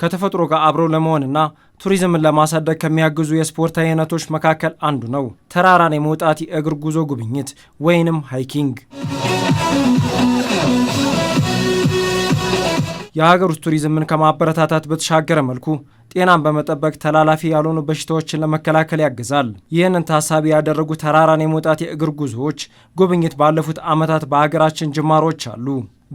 ከተፈጥሮ ጋር አብረው ለመሆንና ቱሪዝምን ለማሳደግ ከሚያግዙ የስፖርት አይነቶች መካከል አንዱ ነው ተራራን የመውጣት የእግር ጉዞ ጉብኝት ወይንም ሃይኪንግ። የሀገር ውስጥ ቱሪዝምን ከማበረታታት በተሻገረ መልኩ ጤናን በመጠበቅ ተላላፊ ያልሆኑ በሽታዎችን ለመከላከል ያግዛል። ይህንን ታሳቢ ያደረጉ ተራራን የመውጣት የእግር ጉዞዎች ጉብኝት ባለፉት ዓመታት በሀገራችን ጅማሮች አሉ።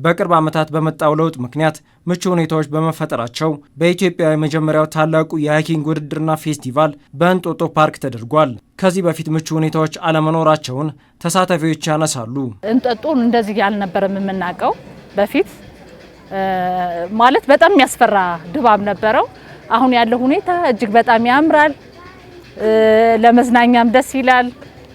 በቅርብ ዓመታት በመጣው ለውጥ ምክንያት ምቹ ሁኔታዎች በመፈጠራቸው በኢትዮጵያ የመጀመሪያው ታላቁ የሃይኪንግ ውድድርና ፌስቲቫል በእንጦጦ ፓርክ ተደርጓል። ከዚህ በፊት ምቹ ሁኔታዎች አለመኖራቸውን ተሳታፊዎች ያነሳሉ። እንጦጦን እንደዚህ ያልነበረም የምናውቀው በፊት ማለት በጣም የሚያስፈራ ድባብ ነበረው። አሁን ያለው ሁኔታ እጅግ በጣም ያምራል። ለመዝናኛም ደስ ይላል።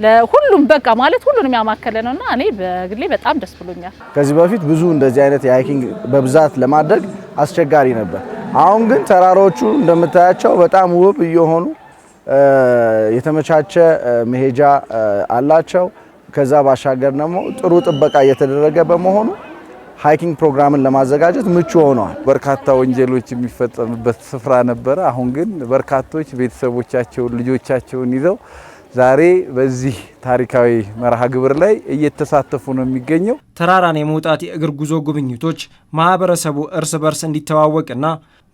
ለሁሉም በቃ ማለት ሁሉንም ያማከለ ነውና እኔ በግሌ በጣም ደስ ብሎኛል። ከዚህ በፊት ብዙ እንደዚህ አይነት የሃይኪንግ በብዛት ለማድረግ አስቸጋሪ ነበር። አሁን ግን ተራሮቹ እንደምታያቸው በጣም ውብ እየሆኑ የተመቻቸ መሄጃ አላቸው። ከዛ ባሻገር ደግሞ ጥሩ ጥበቃ እየተደረገ በመሆኑ ሃይኪንግ ፕሮግራምን ለማዘጋጀት ምቹ ሆነዋል። በርካታ ወንጀሎች የሚፈጸምበት ስፍራ ነበረ። አሁን ግን በርካቶች ቤተሰቦቻቸውን ልጆቻቸውን ይዘው ዛሬ በዚህ ታሪካዊ መርሃ ግብር ላይ እየተሳተፉ ነው የሚገኘው። ተራራን የመውጣት የእግር ጉዞ ጉብኝቶች ማህበረሰቡ እርስ በርስ እንዲተዋወቅና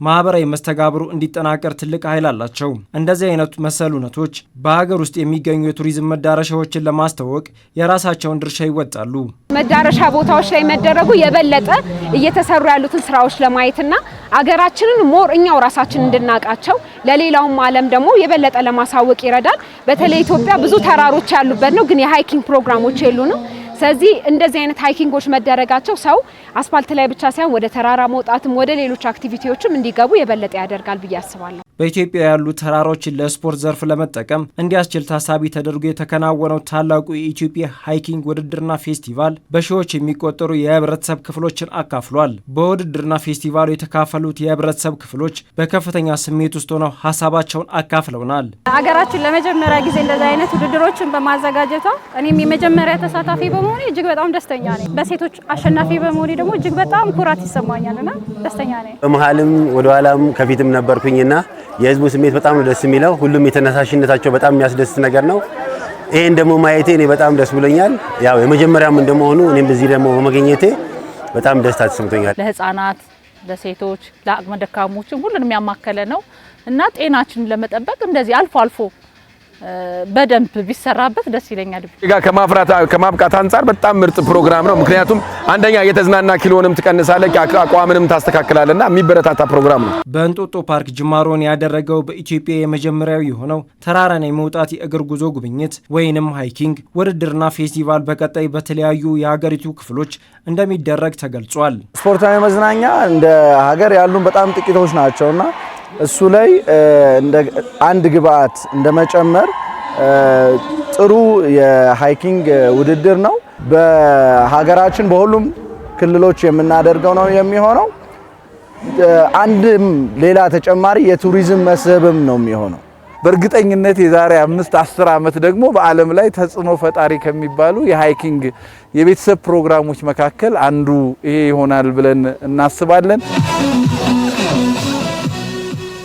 ማህበራዊ መስተጋብሩ እንዲጠናከር ትልቅ ኃይል አላቸው። እንደዚህ አይነቱ መሰል እውነቶች በሀገር ውስጥ የሚገኙ የቱሪዝም መዳረሻዎችን ለማስተዋወቅ የራሳቸውን ድርሻ ይወጣሉ። መዳረሻ ቦታዎች ላይ መደረጉ የበለጠ እየተሰሩ ያሉትን ስራዎች ለማየትና አገራችንን ሞር እኛው ራሳችን እንድናውቃቸው ለሌላውም ዓለም ደግሞ የበለጠ ለማሳወቅ ይረዳል። በተለይ ኢትዮጵያ ብዙ ተራሮች ያሉበት ነው፣ ግን የሃይኪንግ ፕሮግራሞች የሉንም። ስለዚህ እንደዚህ አይነት ሀይኪንጎች መደረጋቸው ሰው አስፋልት ላይ ብቻ ሳይሆን ወደ ተራራ መውጣትም ወደ ሌሎች አክቲቪቲዎችም እንዲገቡ የበለጠ ያደርጋል ብዬ አስባለሁ። በኢትዮጵያ ያሉ ተራሮችን ለስፖርት ዘርፍ ለመጠቀም እንዲያስችል ታሳቢ ተደርጎ የተከናወነው ታላቁ የኢትዮጵያ ሃይኪንግ ውድድርና ፌስቲቫል በሺዎች የሚቆጠሩ የህብረተሰብ ክፍሎችን አካፍሏል። በውድድርና ፌስቲቫሉ የተካፈሉት የህብረተሰብ ክፍሎች በከፍተኛ ስሜት ውስጥ ሆነው ሀሳባቸውን አካፍለውናል። ሀገራችን ለመጀመሪያ ጊዜ እንደዚህ አይነት ውድድሮችን በማዘጋጀቷ እኔም የመጀመሪያ ተሳታፊ በመሆኔ እጅግ በጣም ደስተኛ ነኝ። በሴቶች አሸናፊ በመሆኔ ደግሞ እጅግ በጣም ኩራት ይሰማኛልና ደስተኛ ነኝ። በመሀልም ወደኋላም ከፊትም ነበርኩኝና የህዝቡ ስሜት በጣም ነው ደስ የሚለው። ሁሉም የተነሳሽነታቸው በጣም የሚያስደስት ነገር ነው። ይሄን ደግሞ ማየቴ እኔ በጣም ደስ ብሎኛል። ያው የመጀመሪያም እንደመሆኑ እኔም በዚህ ደግሞ በመገኘቴ በጣም ደስታ ተሰምቶኛል። ለህፃናት፣ ለሴቶች፣ ለአቅመ ደካሞችም ሁሉንም ያማከለ ነው እና ጤናችንን ለመጠበቅ እንደዚህ አልፎ አልፎ በደንብ ቢሰራበት ደስ ይለኛል። ጋ ከማፍራት ከማብቃት አንጻር በጣም ምርጥ ፕሮግራም ነው። ምክንያቱም አንደኛ የተዝናና ኪሎንም ትቀንሳለች፣ አቋምንም ታስተካክላለና የሚበረታታ ፕሮግራም ነው። በእንጦጦ ፓርክ ጅማሮን ያደረገው በኢትዮጵያ የመጀመሪያው የሆነው ተራራን የመውጣት የእግር ጉዞ ጉብኝት ወይንም ሃይኪንግ ውድድርና ፌስቲቫል በቀጣይ በተለያዩ የሀገሪቱ ክፍሎች እንደሚደረግ ተገልጿል። ስፖርታዊ መዝናኛ እንደ ሀገር ያሉን በጣም ጥቂቶች ናቸውና እሱ ላይ አንድ ግብአት እንደመጨመር ጥሩ የሃይኪንግ ውድድር ነው። በሀገራችን በሁሉም ክልሎች የምናደርገው ነው የሚሆነው። አንድም ሌላ ተጨማሪ የቱሪዝም መስህብም ነው የሚሆነው። በእርግጠኝነት የዛሬ አምስት አስር ዓመት ደግሞ በዓለም ላይ ተጽዕኖ ፈጣሪ ከሚባሉ የሃይኪንግ የቤተሰብ ፕሮግራሞች መካከል አንዱ ይሄ ይሆናል ብለን እናስባለን።